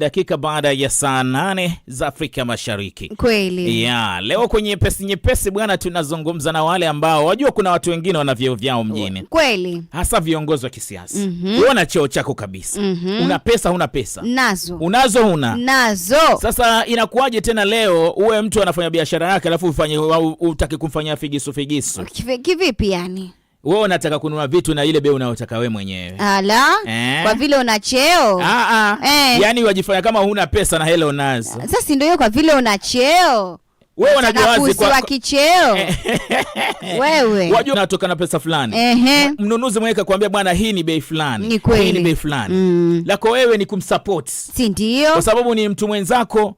dakika baada ya saa nane za Afrika Mashariki. Kweli. Yeah, leo kwenye pesi nyepesi bwana, tunazungumza na wale ambao wajua, kuna watu wengine wana vyeo vyao mjini. Kweli. Hasa viongozi wa kisiasa. Mm -hmm. Una cheo chako kabisa. Mm -hmm. Una pesa, una pesa. Nazo. Unazo, una. Nazo. Sasa inakuwaje tena leo uwe mtu anafanya biashara yake alafu ufanye utaki kumfanyia figisu figisu. Kivipi yani? wewe unataka kununua vitu na ile bei unayotaka wewe mwenyewe. Ala, eh? Kwa vile una cheo. Ah ah. Eh. Yaani wajifanya kama huna pesa na hela unazo. Sasa si ndio kwa vile una cheo. Wewe unajua wazi kwa kwa kicheo. Eh. Wewe. Unajua unatoka na pesa fulani. Ehe. Mnunuzi mweka kwambia bwana hii ni bei fulani. Ni kweli. Hii ni bei fulani. Mm. Lako wewe ni kumsupport. Si ndio? Kwa sababu ni mtu mwenzako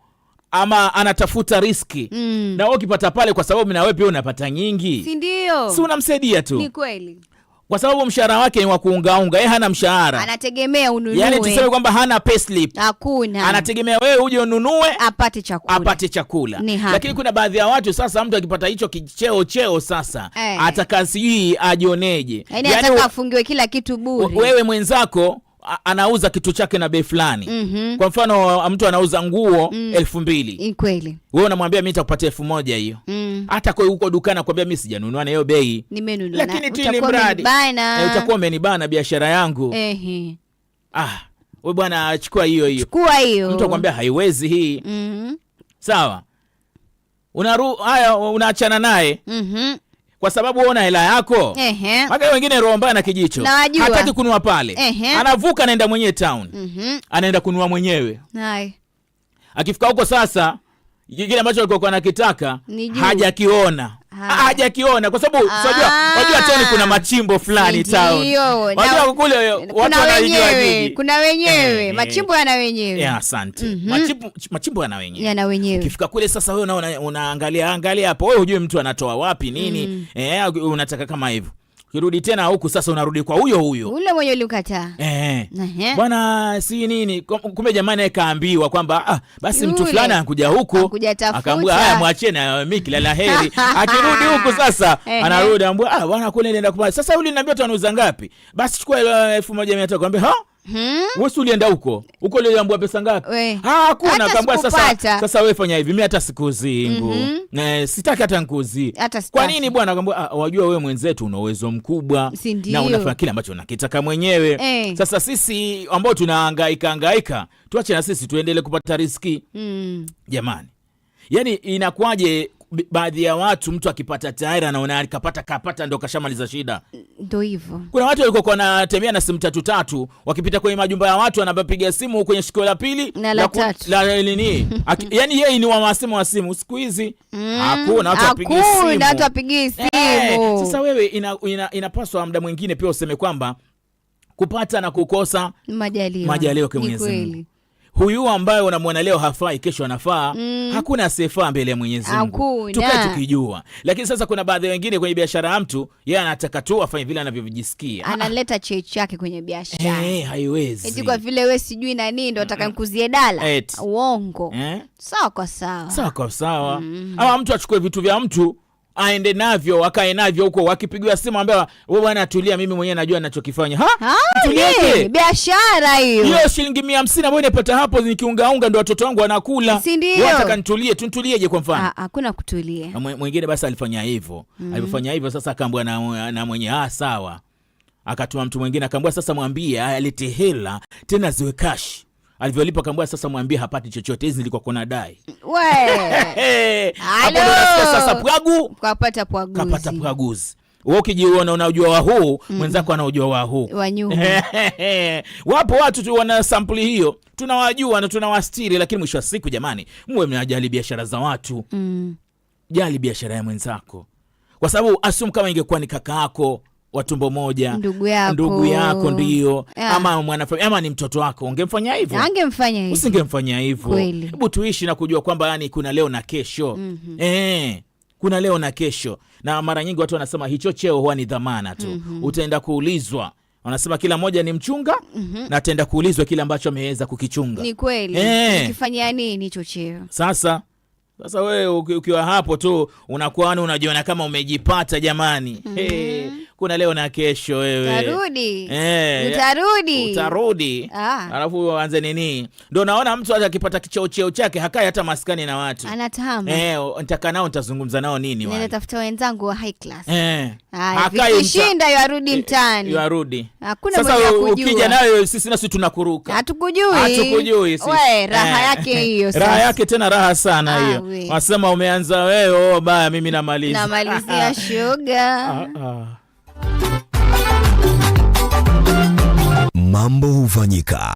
ama anatafuta riski mm. na wewe ukipata pale, kwa sababu na wewe pia unapata nyingi, si ndio? Si unamsaidia tu, ni kweli kwa sababu mshahara wake ni wa kuungaunga, yeye hana mshahara, anategemea ununue. Yani tuseme kwamba hana payslip, hakuna, anategemea wewe uje ununue apate chakula, apate chakula. Lakini kuna baadhi ya watu sasa, mtu akipata hicho kicheo cheo sasa hey, eh. ataka sijui ajioneje, yani yaani ataka afungiwe kila kitu bure. Wewe mwenzako anauza kitu chake na bei fulani mm -hmm. Kwa mfano mtu anauza nguo mm. elfu mbili kweli, wewe unamwambia mimi nitakupatia elfu moja hiyo mm. hata mm. huko dukani akwambia mimi sijanunua na hiyo bei, lakini tu ni mradi eh, utakuwa umenibana biashara yangu eh. Ah, wewe bwana, chukua hiyo hiyo, chukua hiyo. Mtu akwambia haiwezi hii mm -hmm. Sawa, unaru haya, unaachana naye mm -hmm kwa sababu ona hela yako. maka wengine roho mbaya na kijicho. Hataki kunua pale. Anavuka anaenda mwenyewe town. mm-hmm. Anaenda kunua mwenyewe. Akifika huko sasa kile ambacho alikuwa anakitaka hajakiona. Ah, hajakiona kwa sababu unajua, ah, unajua town kuna machimbo fulani town, unajua kule eh, watu wanaijua kuna wenyewe eh, eh. machimbo yana wenyewe. Yeah, asante. Mhm. Machimbo machimbo yana wenyewe, yana wenyewe. Ukifika kule sasa, wewe unaangalia angalia hapo, wewe hujui mtu anatoa wapi nini, mm. eh, unataka kama hivyo Ukirudi tena huku sasa unarudi kwa huyo huyo ule mwenye ulikataa eh, bwana si nini. Kumbe jamani akaambiwa kwamba ah, basi mtu fulani anakuja huku, akaambia haya, mwachie na mimi la heri. Akirudi huku sasa anarudi, anambia ah, bwana kule nenda kwa sasa, yule ninaambia tu ngapi? Basi chukua 1500 akamwambia ha Hmm? Wewe ulienda huko huko, uliambua pesa ngapi? Ah, Hakuna. Kaambua sasa, sasa wewe fanya hivi, mimi hata sikuzi sikuzingu mm -hmm. E, sitaki hata nkuzi. Kwa nini bwana? Ah, wajua, wewe mwenzetu una uwezo mkubwa Sindiyo. na unafanya kile ambacho unakitaka mwenyewe hey. Eh. Sasa sisi ambao tunahangaika hangaika, tuache na sisi tuendelee kupata riski mm. Jamani, Yaani inakuwaje baadhi ya watu mtu akipata tayari anaona yaani kapata kapata ndo kashamaliza shida. Ndo hivyo. Kuna watu walikuwa wanatembea na simu tatu tatu wakipita kwenye majumba ya watu wanapiga simu kwenye shikio la pili na la tatu. La nini? yani yeye ni wa masimu wa simu siku hizi. Mm, hakuna watu wapigi simu. Hakuna watu wapigi eh, simu. Eh, sasa wewe inapaswa ina, ina muda mwingine pia useme kwamba kupata na kukosa majaliwa. Majaliwa kwa Mwenyezi Mungu huyu ambaye unamwona leo hafai, kesho anafaa. Mm. Hakuna asiyefaa mbele ya Mwenyezi Mungu, tukae tukijua. Lakini sasa kuna baadhi wengine kwenye biashara ya mtu, yeye anataka tu afanye vile anavyojisikia, analeta cheche yake kwenye biashara. hey, eh, haiwezi eti kwa vile we sijui na nini ndo ataka nkuzie dala, uongo. Eh? Sawa kwa sawa, sawa kwa sawa. Mm. Ama mtu achukue vitu vya mtu aende navyo akae navyo huko, wakipigiwa simu ambaye wewe bwana, atulia mimi mwenyewe najua ninachokifanya. Ha, tuliaje? Biashara hiyo hiyo, shilingi 150 ambayo inapata hapo nikiungaunga, ndo watoto wangu wanakula. Wataka nitulie, tunitulieje? Kwa mfano ah, hakuna kutulia. Mwingine basi alifanya hivyo mm. Alifanya hivyo sasa, akaambwa na, na mwenye ah, sawa, akatuma mtu mwingine akaambwa, sasa mwambie alete hela tena ziwe kashi alivyolipa kambua sasa mwambie hapati chochote, hizi nilikuwa kona dai sasa. Pwagu kapata pwaguzi, kapata pwaguzi. ukijiona unajua wa huu mm. mwenzako anaujua wa huu wapo watu tu wana sampuli hiyo, tunawajua na tunawastiri, lakini mwisho wa siku jamani, mwe mnajali biashara za watu mm. Jali biashara ya mwenzako, kwa sababu asum kama ingekuwa ni kaka yako wa tumbo moja, ndugu yako, ndugu yako ndiyo, yeah. ama mwanafamilia ama ni mtoto wako, ungemfanya hivyo? Angemfanya hivyo? Usingemfanya hivyo? Hebu tuishi na kujua kwamba yani kuna leo na kesho. mm -hmm. eh kuna leo na kesho, na mara nyingi watu wanasema hicho cheo huwa ni dhamana tu. mm -hmm. Utaenda kuulizwa, wanasema kila mmoja ni mchunga. mm -hmm. na ataenda kuulizwa kile ambacho ameweza kukichunga. Ni kweli eh, Ukifanya nini hicho cheo sasa sasa wewe ukiwa hapo tu unakuwa unajiona kama umejipata jamani. mm -hmm. Eh. hey kuna leo na kesho, wewe tarudi eh, utarudi utarudi, ah. alafu aanze nini? Ndio naona mtu hata akipata kicheo cheo chake hakai hata maskani na watu anatama eh, nitaka nao nitazungumza nao nini, wale nitafuta wenzangu wa high class eh, hakai shinda yarudi eh, mtaani, yarudi hakuna. Sasa ukija nayo sisi nasi tunakuruka, hatukujui hatukujui sisi wewe, raha eh. yake hiyo sasa, raha yake tena raha sana hiyo. Wasema umeanza wewe, oh, baya mimi namaliza namalizia ah, ah. Mambo hufanyika.